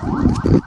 Thank you.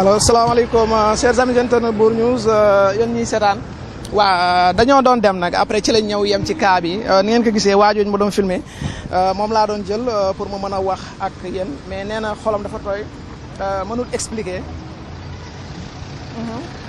alors salaamaaleykum euh, chers amis internautes Mbour News euh, yéen ñiy seetaan waa dañoo doon dem nag après ci lañ ñëw yem ci cas bi euh, ni ngeen ko gisee waa jooju ma doon filmer moom laa doon jël pour ma mën a wax ak yéen mais nee na xolam dafa tooy mënul expliquer. Mhm.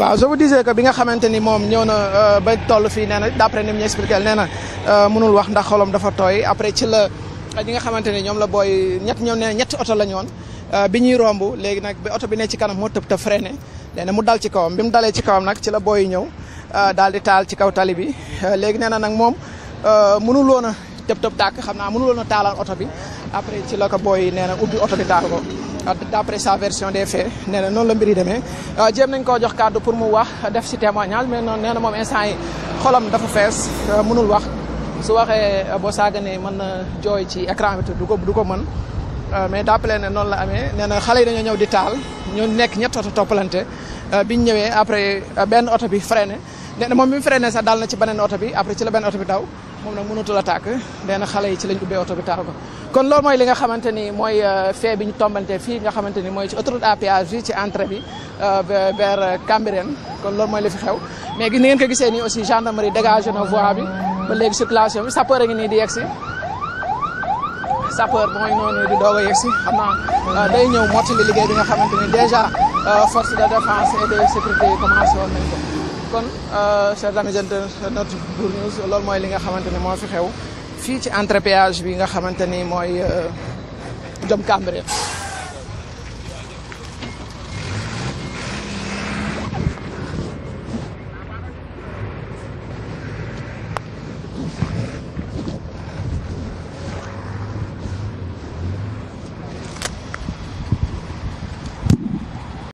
waaw je vous disais que bi nga xamante ni moom ñëw na euh, ba toll fii nee na d'après ni mu ñu nee na euh, mënul wax ndax xolam dafa tooy après ci la euh, ñi nga xamante ni ñoom la booy ñett ñoom ñetti oto la ñoon bi ñuy romb léegi nag bi oto bi ne ci kanam moo tëb te freiné nee na mu dal ci kawam bi mu dalee ci kawam nag ci la booy ñëw daal di taal ci kaw tali bi léegi nee na nag moom mënul woon a tëb tëb tàkk xam naa mënul woon a taalal oto bi après ci la ko booy nee ubbi oto bi d'après sa version des faits nee na noonu la mbir yi demee ah, jéem nañ koo jox kàddu pour mu wax def si témoignage mais noonu nee na moom instant yi xolam dafa fees ah, mënul wax su waxee ah, boo saaganee mën na jooy ci écran bi du ko du ko mën mais d'après ne noonu la amee nee na xale yi dañoo ñëw di taal ñoo nekk ñett oto toppalante biñ ñëwee après benn oto bi freiné nee na moom bi mu freiné sax daal na ci beneen oto bi après ci la benn oto bi daw moom nag mënatul a tàkk nee na xale yi ci lañ ubbee oto bi taal kon loolu mooy li nga xamante ni mooy euh, fee bi ñu tombante fii nga xamante ni mooy ci autoroute à péage bi ci entrée bi euh, vers euh, Cambérène kon loolu mooy li fi xew mais gis ni ngeen ko gisee nii aussi gendarmerie dégagé na voie bi ba léegi circulation bi sapeur a ngi nii di yegg si sapeur mooy noonu di doog a yegg si ñëw liggéey bi nga xamante ni déjà force de défense et de kon euh, chers amis internautes Mbour News loolu mooy li nga xamante ni moo fi xew fii ci entrepéage bi nga xamante ni mooy euh, jëm Cambérène